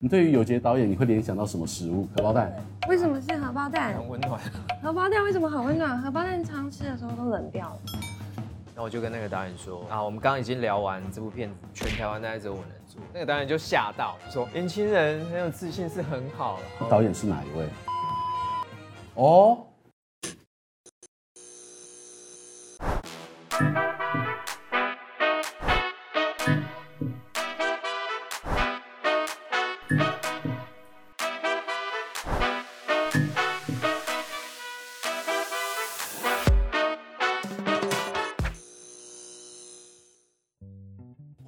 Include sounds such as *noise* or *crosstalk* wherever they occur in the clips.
你對於有傑導演，你會聯想到什麼食物？荷包蛋。為什麼是荷包蛋？很溫暖。荷包蛋為什麼好溫暖？荷包蛋常吃的時候都冷掉了。那我就跟那個導演說啊，我們剛剛已經聊完這部片，全台灣只有我能做。那個導演就嚇到，說年輕人很有自信是很好了。導演是哪一位？哦。嗯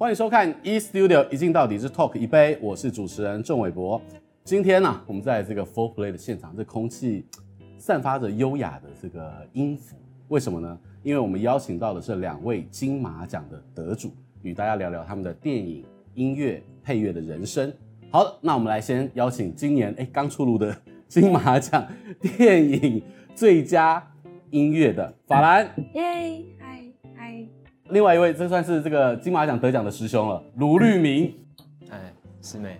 歡迎收看《E Studio 一鏡到底之 Talk 一杯》，我是主持人鄭偉博。今天呢、啊，我們在這個 FOURPLAY 的現場，這空氣散發着優雅的這個音符，為什麼呢？因為我們邀請到的是兩位金馬獎的得主，與大家聊聊他們的電影音樂配樂的人生。好，那我們來先邀請今年哎剛出爐的金馬獎電影最佳音樂的法蘭，耶！另外一位，這算是這個金馬獎得獎的師兄了，盧律銘。哎，師妹，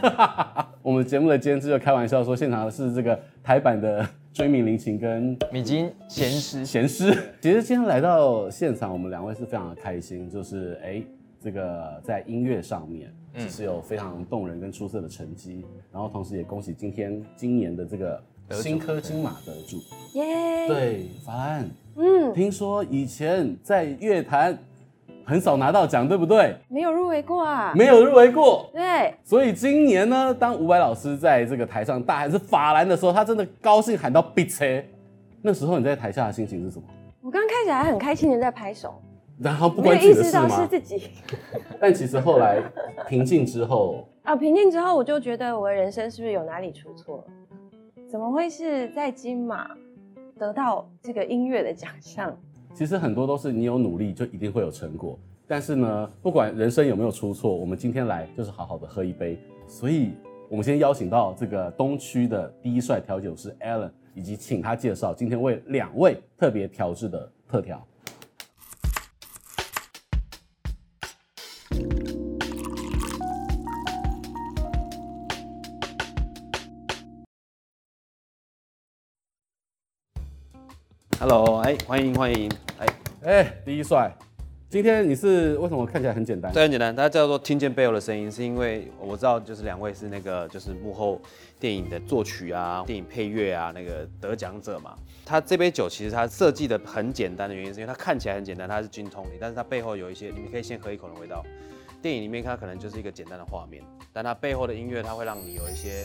*laughs* 我們節目的監製就開玩笑說，現場的是這個臺版的椎名林檎跟米津玄師。玄師，其實今天來到現場，我們兩位是非常的開心，就是哎、欸，這個在音樂上面，其實有非常動人跟出色的成績，嗯，然後同時也恭喜今天今年的這個新科金馬得主，耶，對，yeah、法蘭。嗯，聽說以前在樂壇很少拿到獎，對不對？沒有入圍過啊！沒有入圍過，對。所以今年呢，當伍佰老師在這個台上大喊是法蘭的時候，他真的高興喊到 Bitch。那時候你在台下的心情是什麼？我剛開始還很開心的在拍手，然後不關的也意識到是，是自己， *laughs* 但其實後來平靜之後啊，平靜之後我就覺得我的人生是不是有哪裡出錯了？怎麼會是在金馬？得到這個音樂的獎項，其實很多都是你有努力就一定會有成果。但是呢，不管人生有沒有出錯，我們今天來就是好好的喝一杯。所以，我們先邀請到這個東區的第一帥調酒師 Alan，以及請他介紹今天為兩位特別調製的特調。Hello，哎，歡迎歡迎，哎哎，第一帥，今天你是為什麼看起來很簡單？對很簡單，大家叫做聽見背後的聲音，是因為我知道就是兩位是那個就是幕後電影的作曲啊、電影配樂啊那個得獎者嘛。他這杯酒其實他設計的很簡單的原因，是因為它看起來很簡單，它是精通的，但是它背後有一些你們可以先喝一口的味道。電影裡面它可能就是一個簡單的畫面，但它背後的音樂它會讓你有一些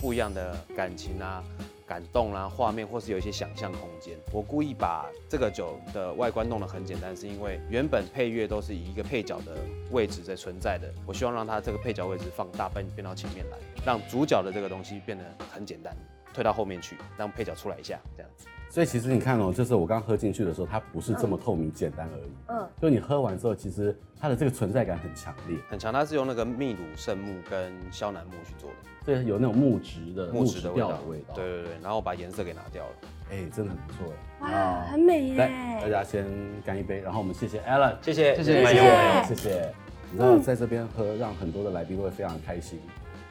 不一樣的感情啊。感動啦、啊，畫面或是有一些想象空間。我故意把這個酒的外觀弄得很簡單，是因為原本配樂都是以一個配角的位置在存在的。我希望讓它這個配角位置放大，變變到前面來，讓主角的這個東西變得很簡單，推到後面去，讓配角出來一下，這樣子。所以其實你看哦，就是我剛喝進去的時候，它不是這麼透明簡單而已。嗯。就你喝完之後，其實它的這個存在感很強烈，很強。它是用那個秘魯聖木跟肖楠木去做的。所以有那種木質的木質的味道，木質的味道的味道。對對對。然後我把顏色給拿掉了。哎，欸，真的很不錯哎。哇，很美耶。來，大家先乾一杯，然後我們謝謝 Alan，謝謝，謝謝，謝謝，謝謝。嗯，你知道在這邊喝，讓很多的來賓都會非常開心，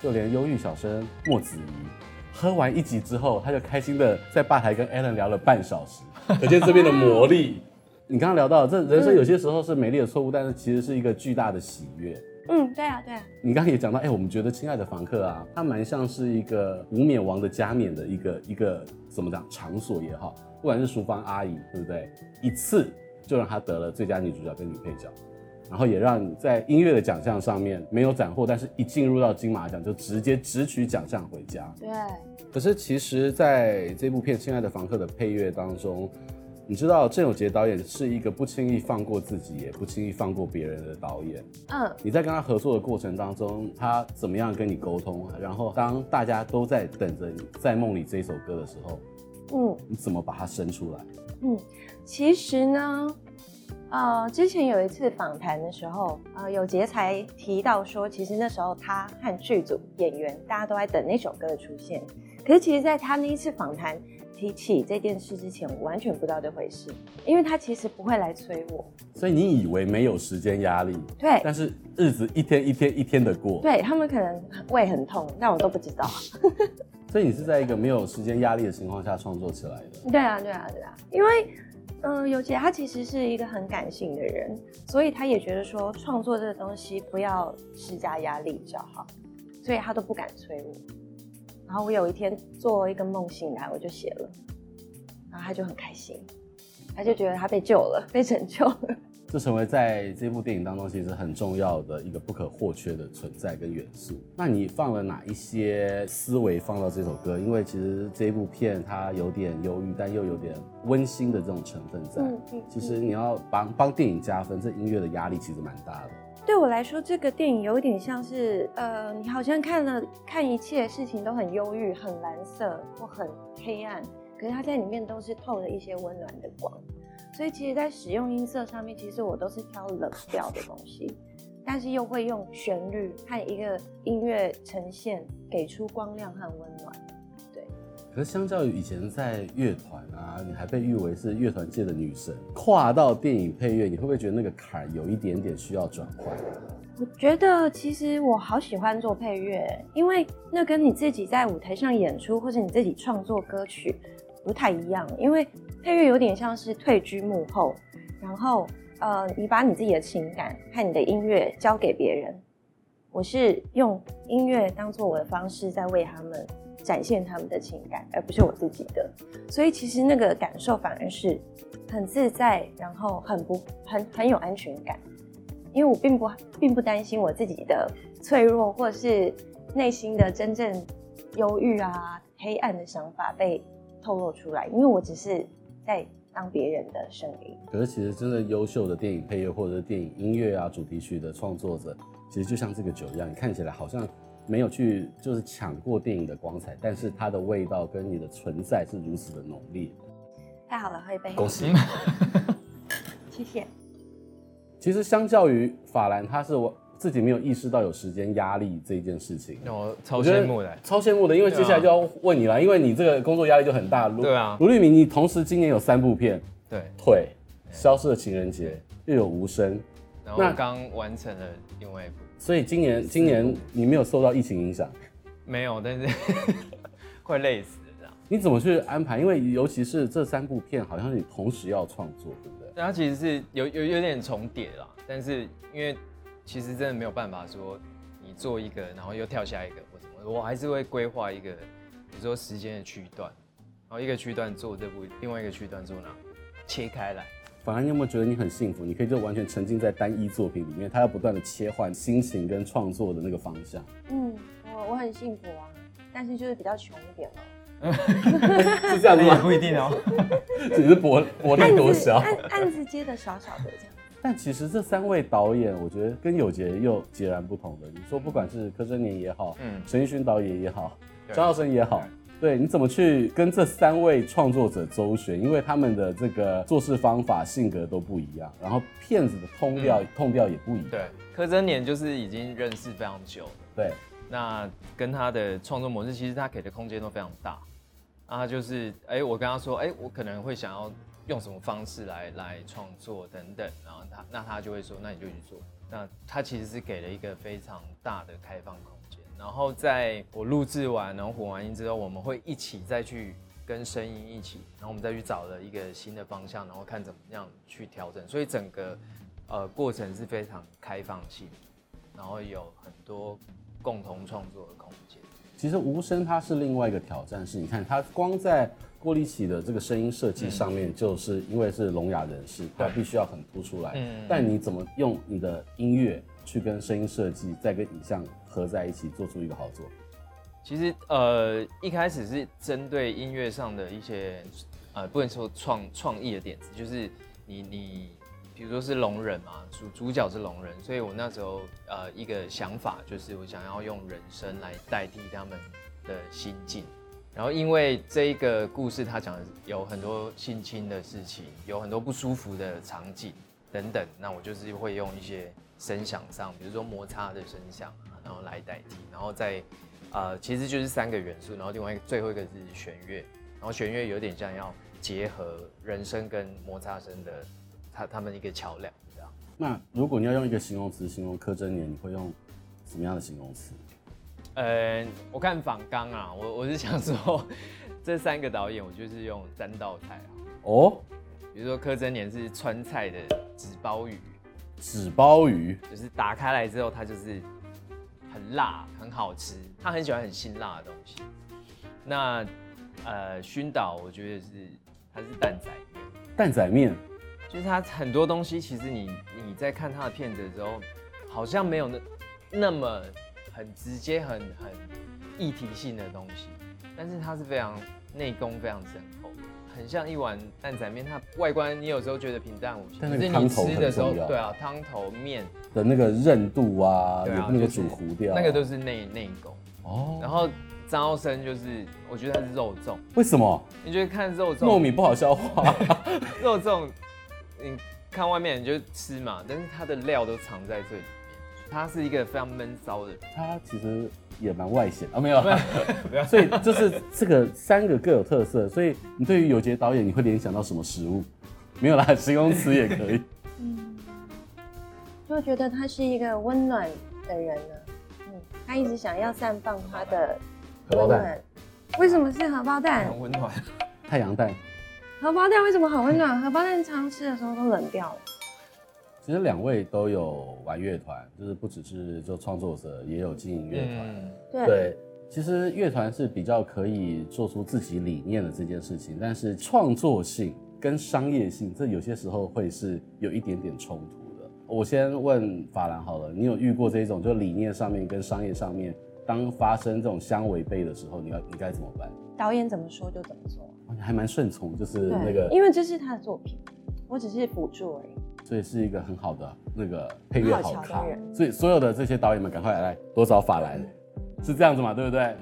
就連憂鬱小生莫子儀。喝完一集之後，他就開心的在吧台跟 Alan 聊了半小時，可見這邊的魔力。 *laughs* 你剛剛聊到，這人生有些時候是美麗的錯誤，但是其實是一個巨大的喜悅。嗯，對啊，對啊。你剛剛也講到，哎、欸，我們覺得親愛的房客啊，他蠻像是一個無冕王的加冕的一個一個怎麼講場所也好，不管是淑芳阿姨，對不對？一次就讓他得了最佳女主角跟女配角。然後也讓你在音樂的獎項上面沒有斬獲，但是一進入到金馬獎就直接直取獎項回家。對。可是其實，在這部片《親愛的房客》的配樂當中，你知道鄭有杰導演是一個不輕易放過自己，也不輕易放過別人的導演。嗯。你在跟他合作的過程當中，他怎麼樣跟你溝通？然後當大家都在等着《你在夢裡》這一首歌的時候，嗯，你怎麼把它生出來？嗯，其實呢。呃，之前有一次訪談的時候，呃，有杰才提到說，其實那時候他和劇組演員大家都在等那首歌的出現。可是，其實在他那一次訪談提起這件事之前，我完全不知道這回事，因為他其實不會來催我。所以你以為沒有時間壓力？對。但是日子一天一天一天的過。對他們可能胃很痛，但我都不知道。 *laughs* 所以你是在一個沒有時間壓力的情況下創作起來的？對啊，對啊，對啊，因為。嗯、呃，有傑他其實是一個很感性的人，所以他也覺得說創作這個東西不要施加壓力比較好，所以他都不敢催我。然後我有一天做一個夢醒來，我就寫了，然後他就很開心，他就覺得他被救了，被拯救了。就成為在這部電影當中，其實很重要的一個不可或缺的存在跟元素。那你放了哪一些思維放到這首歌？因為其實這部片它有點憂鬱，但又有點溫馨的這種成分在。嗯嗯。其實你要幫幫電影加分，這音樂的壓力其實蠻大的。對我來說，這個電影有一點像是，呃，你好像看了看一切事情都很憂鬱、很藍色或很黑暗，可是它在裡面都是透着一些溫暖的光。所以其實，在使用音色上面，其實我都是挑冷調的東西，但是又會用旋律和一個音樂呈現，給出光亮和溫暖。對。可是相較於以前在樂團啊，你還被譽為是樂團界的女神，跨到電影配樂，你會不會覺得那個坎有一點點需要轉換？我覺得其實我好喜歡做配樂，因為那跟你自己在舞台上演出，或者你自己創作歌曲不太一樣，因為。配樂有點像是退居幕後，然後呃，你把你自己的情感和你的音樂交給別人。我是用音樂當作我的方式，在為他們展現他們的情感，而不是我自己的。所以其實那個感受反而是很自在，然後很不很很有安全感，因為我並不並不擔心我自己的脆弱或者是內心的真正憂鬱啊、黑暗的想法被透露出來，因為我只是。在當別人的聲音，可是其實真的優秀的電影配樂或者是電影音樂啊、主題曲的創作者，其實就像這個酒一樣，你看起來好像沒有去就是搶過電影的光彩，但是它的味道跟你的存在是如此的濃烈。太好了，喝一杯。恭喜，謝謝。其實相較於法蘭，他是我。自己沒有意識到有時間壓力這一件事情，那、哦、我超羨慕的、欸，超羨慕的，因為接下來就要問你了、啊，因為你這個工作壓力就很大。對啊，盧律銘，你同時今年有三部片，對，腿《消失的情人節》，又有無聲《無聲》，那剛完成了另外一部，所以今年今年你沒有受到疫情影響，沒有，但是快 *laughs* 累死了。你怎麼去安排？因為尤其是這三部片，好像是你同時要創作，對不對？它其實是有有有點重疊啦，但是因為。其實真的沒有辦法說，你做一個，然後又跳下一個。我怎麼，我還是會規劃一個，比如說時間的區段，然後一個區段做這部，另外一個區段做哪，切開來。反而你有沒有覺得你很幸福？你可以就完全沉浸在單一作品裡面，它要不斷的切換心情跟創作的那個方向。嗯，我我很幸福啊，但是就是比較窮一點了。 *laughs* *laughs* 是這樣子嗎？ *laughs* 不一定哦，只 *laughs* 是薄薄利多銷，案子，子接的小小的這樣。但其實這三位導演，我覺得跟有傑又截然不同的。你說不管是柯貞年也好，嗯，陳玉勳導演也好，張耀升也好，對對，對，你怎麼去跟這三位創作者周旋？因為他們的這個做事方法、性格都不一樣，然後片子的 tone 調 tone 調、嗯、也不一樣。對，柯貞年就是已經認識非常久了，對，那跟他的創作模式，其實他給的空間都非常大。他就是，哎、欸，我跟他說，哎、欸，我可能會想要。用什麼方式來來創作等等，然後他那他就會說，那你就去做。那他其實是給了一個非常大的開放空間。然後在我錄制完，然後混完音之後，我們會一起再去跟聲音一起，然後我們再去找了一個新的方向，然後看怎麼樣去調整。所以整個呃過程是非常開放性的，然後有很多共同創作的空間。其實無聲它是另外一個挑戰，是你看它光在。玻璃起的這個聲音設計上面，就是因為是聾啞人士，他、嗯、必須要很突出來。嗯。但你怎麼用你的音樂去跟聲音設計，再跟影像合在一起，做出一個好作？其實呃，一開始是針對音樂上的一些呃，不能說創創意的點子，就是你你，比如說是聾人嘛，主主角是聾人，所以我那時候呃，一個想法就是我想要用人聲來代替他們的心境。然後因為這一個故事,他講的有很多性侵的事情，有很多不舒服的場景等等，那我就是會用一些聲響上，比如說摩擦的聲響，然後來代替，然後再、呃，其實就是三個元素，然後另外一個最後一個就是弦樂，然後弦樂有點像要結合人聲跟摩擦聲的，他他們一個橋梁這樣。那如果你要用一個形容詞形容柯貞年，你會用什麼樣的形容詞？嗯、呃，我看訪綱啊，我我是想說，這三個導演我就是用三道菜啊。哦，比如說柯貞年是川菜的紙包魚。紙包魚就是打開來之後，它就是很辣，很好吃。他很喜歡很辛辣的東西。那呃，勳導我覺得是他是擔仔麵。擔仔麵就是他很多東西，其實你你在看他的片子之後，好像沒有那那麼。很直接、很很一體性的東西，但是它是非常內功非常深厚，很像一碗擔仔麵，它外觀你有時候覺得平淡無奇，但，就是你吃的時候，對啊，湯頭麵的那個韌度啊，對啊也那個煮糊掉，就是，那個都是內內功哦。然後張耀升就是，我覺得他是肉粽，為什麼？你覺得看肉粽糯米不好消化？ *laughs* 肉粽你看外面你就吃嘛，但是它的料都藏在這裡。他是一個非常悶騷的，他其實也蠻外顯啊，沒有，沒有， *laughs* 所以就是這個三個各有特色。所以你對於有傑導演，你會聯想到什麼食物？沒有啦，形容詞也可以。 *laughs* 嗯，就覺得他是一個溫暖的人呢。嗯，他一直想要散發他的溫暖。荷包蛋。為什麼是荷包蛋？很溫暖，太陽蛋。荷包蛋為什麼好溫暖？荷包蛋常常吃的時候都冷掉了。其實兩位都有玩樂團，就是不只是做創作者，也有經營樂團。對，其實樂團是比較可以做出自己理念的這件事情，但是創作性跟商業性，這有些時候會是有一點點衝突的。我先問法蘭好了，你有遇過這種就理念上面跟商業上面當發生這種相違背的時候，你要你該怎麼辦？導演怎麼說就怎麼做？還蠻順從，就是那個，因為這是他的作品，我只是輔助而已。所以是一個很好的那個配樂，好看。所以所有的這些導演們，趕快來,來多找法蘭，是這樣子嘛，對不對？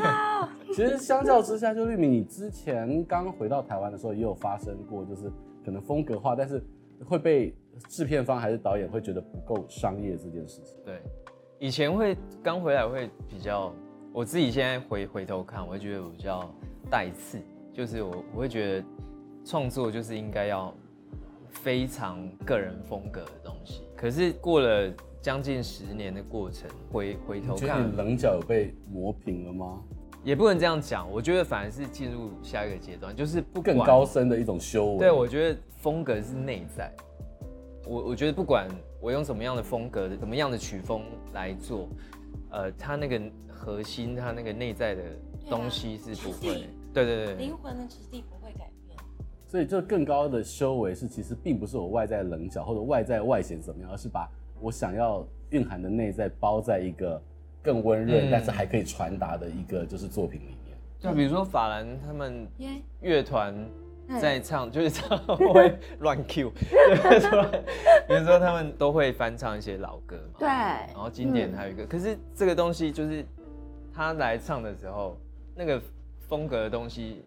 *laughs* 其實相較之下，就律銘，你之前剛回到台灣的時候，也有發生過，就是可能風格化，但是會被制片方還是導演會覺得不夠商業這件事情。對，以前會剛回來會比較，我自己現在回回頭看，我會覺得比較帶刺，就是我我會覺得創作就是應該要。非常個人風格的東西，嗯、可是過了將近十年的過程，回回頭看，稜角有被磨平了嗎？也不能這樣講，我覺得反而是進入下一個階段，就是不更高深的一種修為。對，我覺得風格是內在，嗯、我我覺得不管我用什麼樣的風格、怎麼樣的曲風來做，呃，它那個核心、它那個內在的東西是不會，對、啊、對，對對，靈魂的質地。所以，就更高的修為是，其實並不是我外在稜角或者外在外顯怎麼樣，而是把我想要蘊含的內在包在一個更溫潤，但是還可以傳達的一個就是作品裡面、嗯。就比如說法蘭他們樂團在唱，Yeah. 就是唱， *laughs* 會亂 Q，比如說他們都會翻唱一些老歌，對，然後經典還有一個、嗯，可是這個東西就是他來唱的時候，那個風格的東西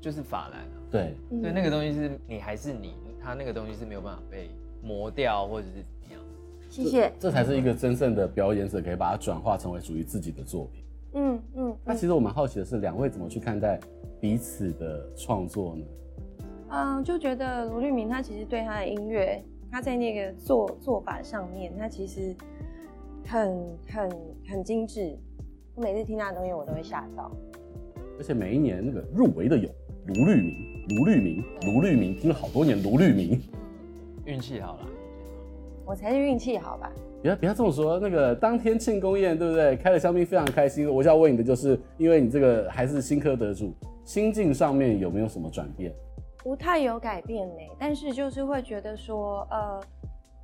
就是法蘭。對，所、嗯、以那個東西是你還是你，他那個東西是沒有辦法被磨掉或者是怎麼樣。謝謝，這才是一個真正的表演者可以把它轉化成為屬於自己的作品。嗯嗯。那、嗯啊、其實我蠻好奇的是，兩位怎麼去看待彼此的創作呢？嗯就覺得盧律銘他其實對他的音樂，他在那個做做法上面，他其實很很很精致。我每次聽他的東西，我都會嚇到。而且每一年那個入圍的有。盧律銘，盧律銘，盧律銘，聽了好多年盧，盧律銘，運氣好了，我才是運氣好吧？不要不要這麼說，那個當天慶功宴，對不對？開了香檳，非常開心。我想問你的就是，因為你這個還是新科得主，心境上面有沒有什麼轉變？不太有改變呢、欸，但是就是會覺得說，呃，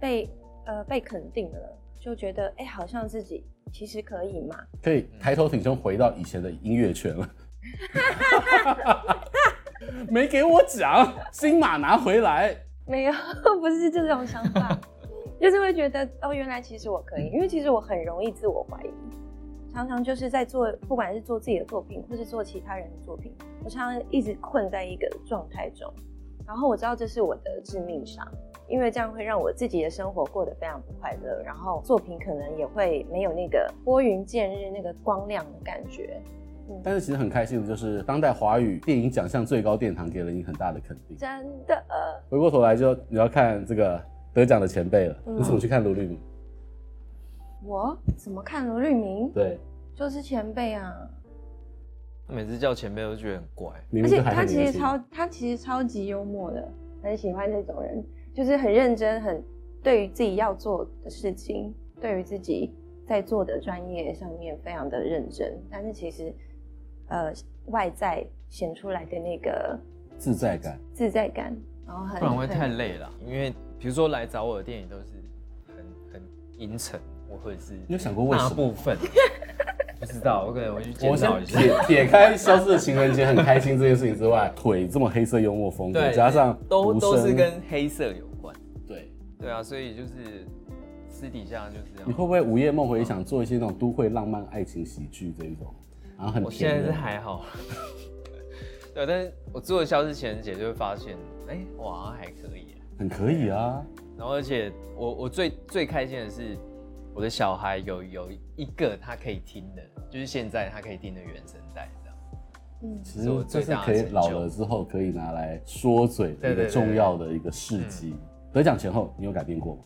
被呃被肯定了，就覺得哎、欸，好像自己其實可以嘛，可以抬頭挺胸回到以前的音樂圈了。 *laughs* *laughs* 沒給我講金馬拿回來， *laughs* 沒有，不是這種想法，就是會覺得哦，原來其實我可以，因為其實我很容易自我懷疑，常常就是在做，不管是做自己的作品，或是做其他人的作品，我常常一直困在一個狀態中，然後我知道這是我的致命傷，因為這樣會讓我自己的生活過得非常不快樂，然後作品可能也會沒有那個撥雲見日那個光亮的感覺。嗯、但是其實很開心的，就是當代華語電影獎項最高殿堂給了你很大的肯定。真的。呃、回過頭來，就你要看這個得獎的前輩了。你、嗯、怎麼去看盧律銘？我怎麼看盧律銘？對，就是前輩啊。他每次叫前輩都覺得很怪，而且他其實超，他其實超級幽默的，很喜歡這種人，就是很認真，很對於自己要做的事情，對於自己在做的專業上面非常的認真，但是其實。呃，外在顯出來的那個自在感，自在感，然後不然會太累了。因為比如說來找我的電影都是很很陰沉，我會是你有想過為什麼？不知道，我可能我去揭曉一下。我撇，撇開消失的情人節很開心這件事情之外， *laughs* 腿這麼黑色幽默風格，加上對對都都是跟黑色有關。對對啊，所以就是私底下就是這樣。你會不會午夜夢回想做一些那種都會浪漫愛情喜劇這一種？啊、我現在是還好， *laughs* 對，但是我做了消失的情人節，姐姐就會發現，哎、欸，哇，還可以、啊，很可以啊。然後，而且我我最最開心的是，我的小孩有有一個他可以聽的，就是現在他可以聽的原聲帶，其、嗯、實就，就，就是可以老了之後可以拿來說嘴的一個重要的一個事蹟、嗯。得獎前後，你有改變過嗎？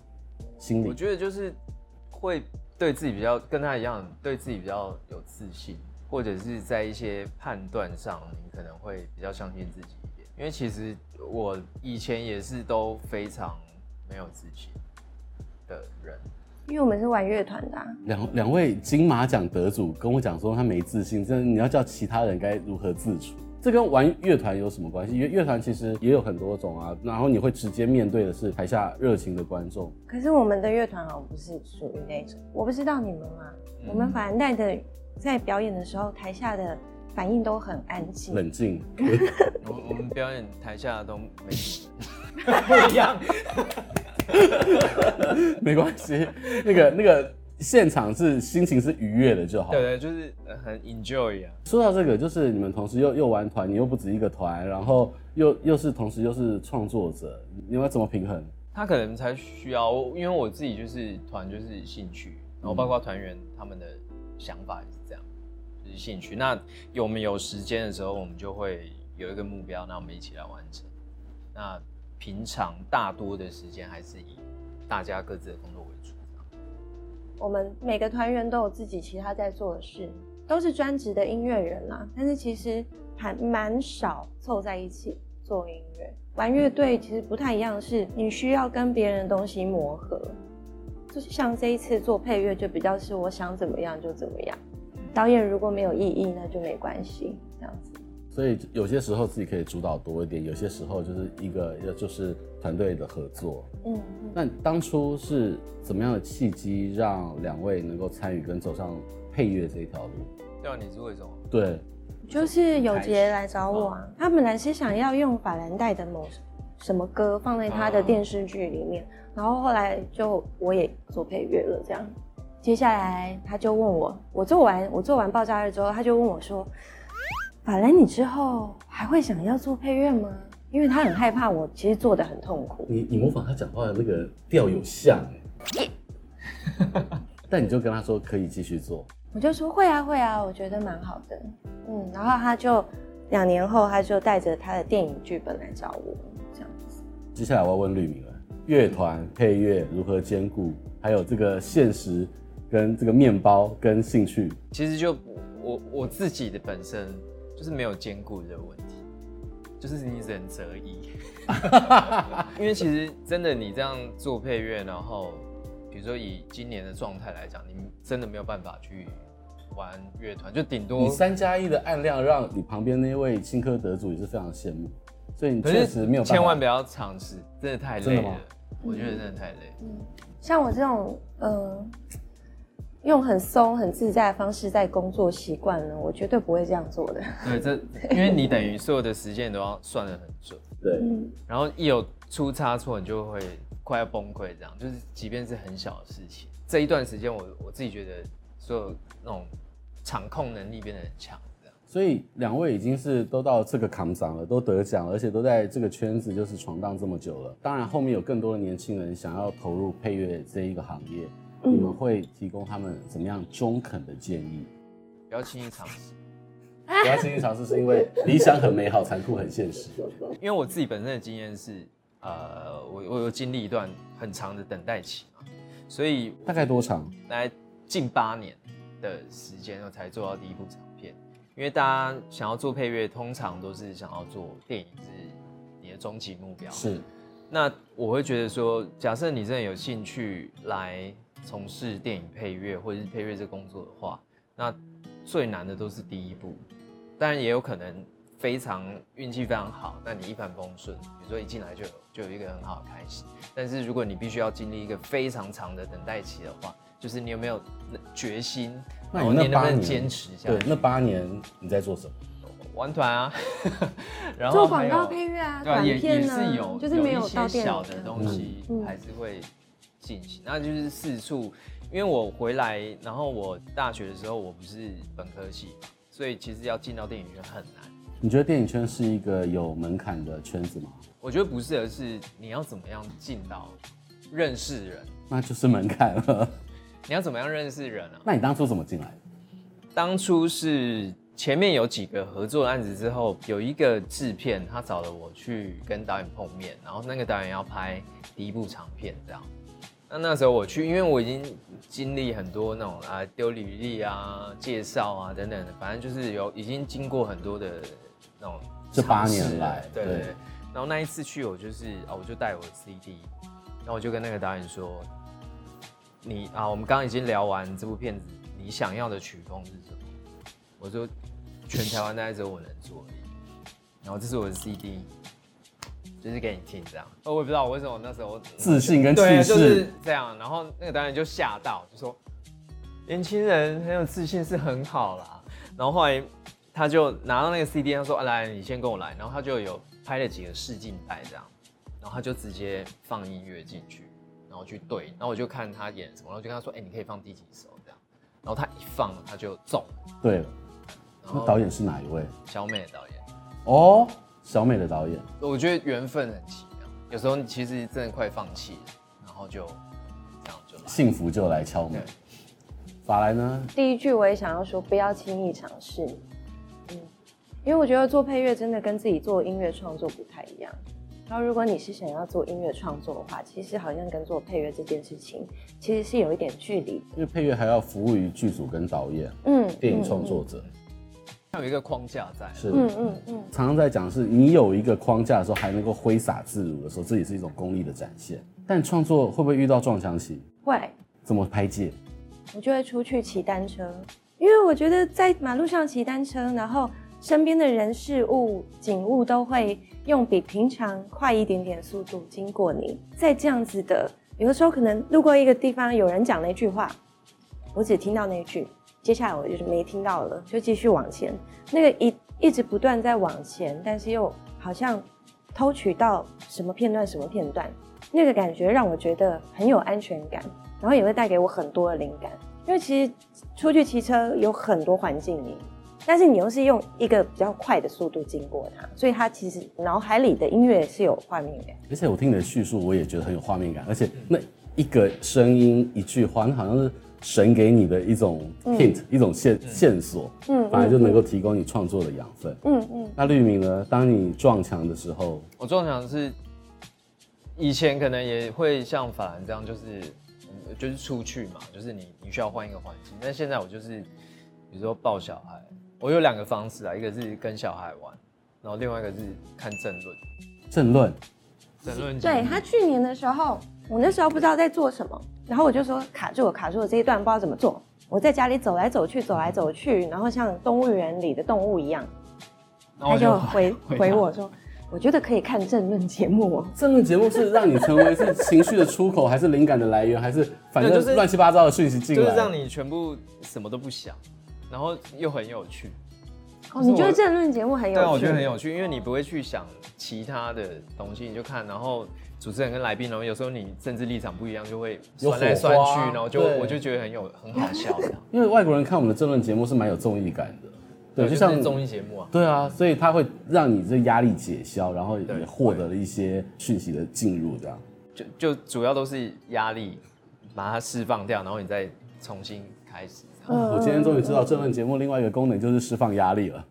心裡？我覺得就是會對自己比較跟他一樣，對自己比較有自信。或者是在一些判斷上，你可能會比較相信自己一點，因為其實我以前也是都非常沒有自信的人。因為我們是玩樂團的、啊，兩兩位金馬獎得主跟我講說他沒自信，真的你要叫其他人該如何自處？這跟玩樂團有什麼關係？因為樂團其實也有很多種啊，然後你會直接面對的是台下熱情的觀眾。可是我們的樂團好像不是屬於那種，我不知道你們嘛、啊嗯。我們反而帶着在表演的時候，台下的反應都很安靜、冷靜。 *laughs* 我我們表演台下都沒事， *laughs* 不一樣。 *laughs* *laughs* 沒關係，那個那個。現場是心情是愉悅的就好，對對，就是很 enjoy 啊。說到這個，就是你們同時又又玩團，你又不止一個團，然後又又是同時又是創作者，你們要怎麼平衡？他可能才需要，因為我自己就是團就是興趣，然後包括團員他們的想法也是這樣、嗯，就是興趣。那有沒有時間的時候，我們就會有一個目標，那我們一起來完成。那平常大多的時間還是以大家各自的工作。我們每個團員都有自己其他在做的事，都是專職的音樂人啦。但是其實還蠻少湊在一起做音樂，玩樂隊其實不太一樣，是你需要跟別人的東西磨合。就是像這一次做配樂，就比較是我想怎麼樣就怎麼樣，導演如果沒有異議，那就沒關係，這樣子。所以有些時候自己可以主導多一點，有些時候就是一個就是團隊的合作嗯。嗯，那當初是怎麼樣的契機讓兩位能夠參與跟走上配樂這條路？要你做一種，對，就是有傑來找我啊。哦，他本來是想要用法蘭黛的某什麼歌放在他的電視劇裡面，嗯，然後後來就我也做配樂了這樣。接下來他就問我，我做完我做完爆炸了之後，他就問我說，法蘭你之後還會想要做配樂嗎？因為他很害怕我其實做得很痛苦。你你，模仿他講話的那個調有像，欸， *laughs* *laughs* 但你就跟他說可以繼續做，我就說會啊會啊，我覺得蠻好的，嗯，然後他就兩年後他就帶着他的電影劇本來找我，這樣子。接下來我要問律銘了，樂團配樂如何兼顧，還有這個現實跟這個麵包跟興趣。其實就我我自己的本身，就是沒有兼顧這個問題，就是你忍則已， *laughs* *laughs* 因為其實真的你這樣做配樂，然後比如說以今年的狀態來講，你真的沒有辦法去玩樂團，就頂多你三加一的暗量，讓你旁邊那位新科得主也是非常羨慕，所以你確實沒有辦法，千萬不要嘗試，真的太累了，我覺得真的太累。嗯，像我這種呃。用很鬆、很自在的方式在工作習慣了，我絕對不會這樣做的。對，這因為你等於所有的時間都要算得很準。對，然後一有出差錯，你就會快要崩潰。這樣就是即便是很小的事情，這一段時間我我自己覺得所有那種場控能力變得很強。所以兩位已經是都到這個扛獎了，都得獎了，而且都在這個圈子就是闖蕩這麼久了。當然後面有更多的年輕人想要投入配樂這一個行業。你們會提供他們怎麼樣中肯的建議？不要輕易嘗試。不要輕易嘗試，是因為理想很美好，殘酷很現實。因為我自己本身的經驗是，呃，我我有經歷一段很長的等待期嘛，所以大概多長？大概近八年的時間，我才做到第一部長片。因為大家想要做配樂，通常都是想要做電影，是你的終極目標。是。那我會覺得說，假設你真的有興趣來。從事電影配樂或者是配樂這工作的話，那最難的都是第一步。當然也有可能非常運氣非常好，那你一帆風順，比如說一進來就有就有一個很好的開始。但是如果你必須要經歷一個非常長的等待期的話，就是你有沒有決心？那、哎、你能不能堅持一下？對，那八年你在做什麼？玩團啊， *laughs* 然後做廣告配樂啊。對，短片呢，是就是沒有，有一些小的東西、嗯、還是會。行，那就是四處。因為我回來，然後我大學的時候我不是本科系，所以其實要進到電影圈很難。你覺得電影圈是一個有門檻的圈子嗎？我覺得不是，而是你要怎麼樣進到認識人，那就是門檻了。你要怎麼樣認識人啊？那你當初怎麼進來？當初是前面有幾個合作的案子之後，有一個製片他找了我去跟導演碰面，然後那個導演要拍第一部長片這樣。那那時候我去，因為我已經經歷很多那種啊丟履歷啊、介紹啊等等的，反正就是有已經經過很多的那種。這八年來對對對，對。然後那一次去，我就是啊，我就帶我的 CD，然後我就跟那個導演說：“你啊，我們剛剛已經聊完這部片子，你想要的曲風是什麼？”我說：“全台灣，大概只有我能做。”然後這是我的 CD。就是給你聽這樣，我也不知道我為什麼那時候我自信跟氣勢，對、啊、就是這樣，然後那個導演就嚇到，就說年輕人很有自信是很好啦。然後後來他就拿到那個 CD，他說：“啊、來，你先跟我來。”然後他就有拍了幾個試鏡帶這樣，然後他就直接放音樂進去，然後去對。然後我就看他演什麼，然後就跟他說：“哎、欸，你可以放第幾首這樣。”然後他一放，他就中了對了。那導演是哪一位？小美的導演哦。小美的導演，我覺得緣分很奇妙。有時候你其實真的快放棄了然後就，就幸福就來敲門。法蘭呢？第一句我也想要說，不要輕易嘗試。嗯，因為我覺得做配樂真的跟自己做音樂創作不太一樣。然後如果你是想要做音樂創作的話，其實好像跟做配樂這件事情其實是有一點距離，因為配樂還要服務於劇組跟導演，嗯，電影創作者。嗯嗯嗯有一個框架在是，是嗯嗯嗯，常常在講的是，你有一個框架的時候，還能夠揮灑自如的時候，這也是一種功力的展現。但創作會不會遇到撞牆期？會。怎麼排解？我就會出去騎單車，因為我覺得在馬路上騎單車，然後身邊的人事物景物都會用比平常快一點點的速度經過你。在這樣子的，有的時候可能路過一個地方，有人講了一句話，我只聽到那句。接下來我就是沒聽到了，就繼續往前。那個一一直不斷在往前，但是又好像偷取到什麼片段，什麼片段，那個感覺讓我覺得很有安全感，然後也會帶給我很多的靈感。因為其實出去騎車有很多環境音，但是你又是用一個比較快的速度經過它，所以它其實腦海裡的音樂是有畫面感。而且我聽你的敘述，我也覺得很有畫面感，而且那一個聲音一句話好像是。神給你的一種 hint，嗯、一種線線索，嗯，反正就能夠提供你創作的養分，嗯嗯，嗯。那律銘呢？當你撞牆的時候，我撞牆是以前可能也會像法蘭這樣，就是就是出去嘛，就是你你需要換一個環境。但現在我就是，比如說抱小孩，我有兩個方式啊，一個是跟小孩玩，然後另外一個是看政論。政論，政論，對，他去年的時候。我那時候不知道在做什麼，然後我就說，卡住我，卡住我，這一段不知道怎麼做。我在家裡走來走去，走來走去，然後像動物園裡的動物一樣。哦，他就回、回，回我說，我覺得可以看政論節目。政論節目是讓你成為是情緒的出口， *laughs* 還是靈感的來源，還是反正就是亂七八糟的訊息進來，就是讓你全部什麼都不想，然後又很有趣。哦，你覺得政論節目很有趣？我覺得很有趣，因為你不會去想其他的東西，你就看，然後。主持人跟來賓，然後有時候你政治立場不一樣，就會酸來酸去，然後就我就覺得很有很好笑這樣。因為外國人看我們的政論節目是蠻有綜藝感的，對，對就像綜藝節目啊。對啊，所以它會讓你這壓力解消，然後也獲得了一些訊息的進入，這樣對對就就主要都是壓力把它釋放掉，然後你再重新開始，哦。我今天終於知道政論節目另外一個功能就是釋放壓力了。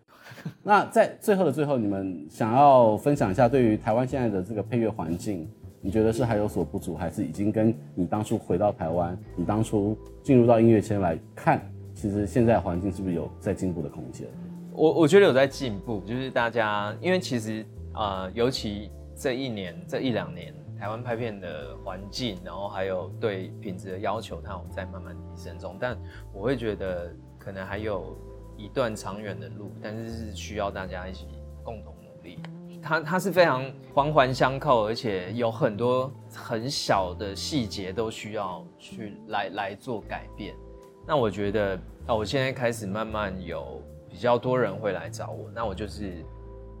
*laughs* 那在最後的最後，你們想要分享一下對於台灣現在的這個配樂環境？你覺得是還有所不足，還是已經跟你當初回到台灣，你當初進入到音樂圈來看，其實現在環境是不是有在進步的空間？我我覺得有在進步，就是大家因為其實啊、呃，尤其這一年、這一兩年，台灣拍片的環境，然後還有對品質的要求，它有在慢慢提升中。但我會覺得可能還有一段長遠的路，但是是需要大家一起共同努力。它它是非常環環相扣，而且有很多很小的細節都需要去來來做改變。那我覺得，那我現在開始慢慢有比較多人會來找我，那我就是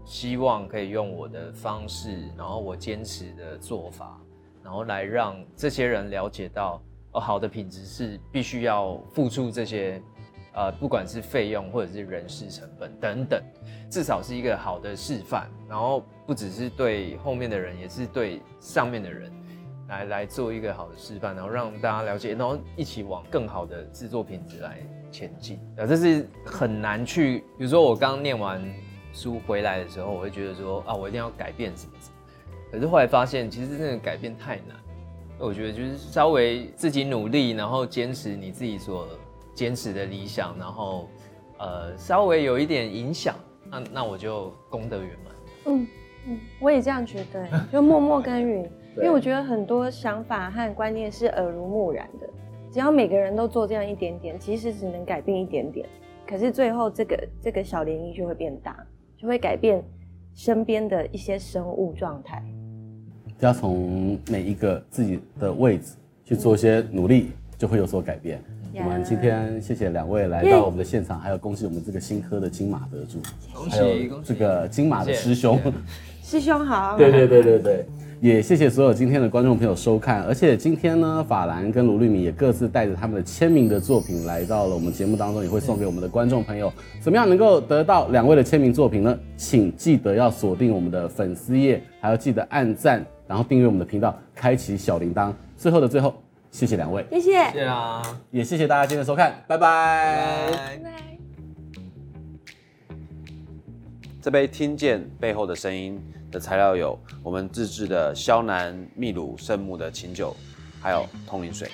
希望可以用我的方式，然後我堅持的做法，然後來讓這些人了解到，哦，好的品質是必須要付出這些。呃，不管是費用或者是人事成本等等，至少是一個好的示範。然後不只是對後面的人，也是對上面的人來，來來做一個好的示範，然後讓大家了解，然後一起往更好的制作品質來前進。啊，這是很難去。比如說我剛念完書回來的時候，我會覺得說啊，我一定要改變什麼什麼。可是後來發現，其實真的改變太難。我覺得就是稍微自己努力，然後堅持你自己所。堅持的理想，然後，呃，稍微有一點影響，那那我就功德圓滿了。嗯嗯，我也這樣覺得，就默默耕耘。 *laughs* 因為我覺得很多想法和觀念是耳濡目染的，只要每個人都做這樣一點點，其實只能改變一點點，可是最後這個這個小漣漪就會變大，就會改變身邊的一些生物狀態。只要從每一個自己的位置去做一些努力，嗯、就會有所改變。Yeah. 我們今天謝謝兩位來到我們的現場，yeah. 還有恭喜我們這個新科的金馬得主，恭喜還有這個金馬的師兄，謝謝 *laughs* 師兄好。對對對對對，嗯、也謝謝所有今天的觀眾朋友收看。而且今天呢，法蘭跟盧律銘也各自帶着他們的簽名的作品來到了我們節目當中，也會送給我們的觀眾朋友，嗯。怎麼樣能夠得到兩位的簽名作品呢？請記得要鎖定我們的粉絲頁，還要記得按讚，然後訂閱我們的頻道，開啟小鈴鐺。最後的最後。謝謝兩位，謝謝，謝謝啊！也謝謝大家今天的收看，拜拜，拜拜。拜拜。這杯聽見背後的聲音的材料有我們自制的肖楠祕魯聖木的琴酒，還有通靈水。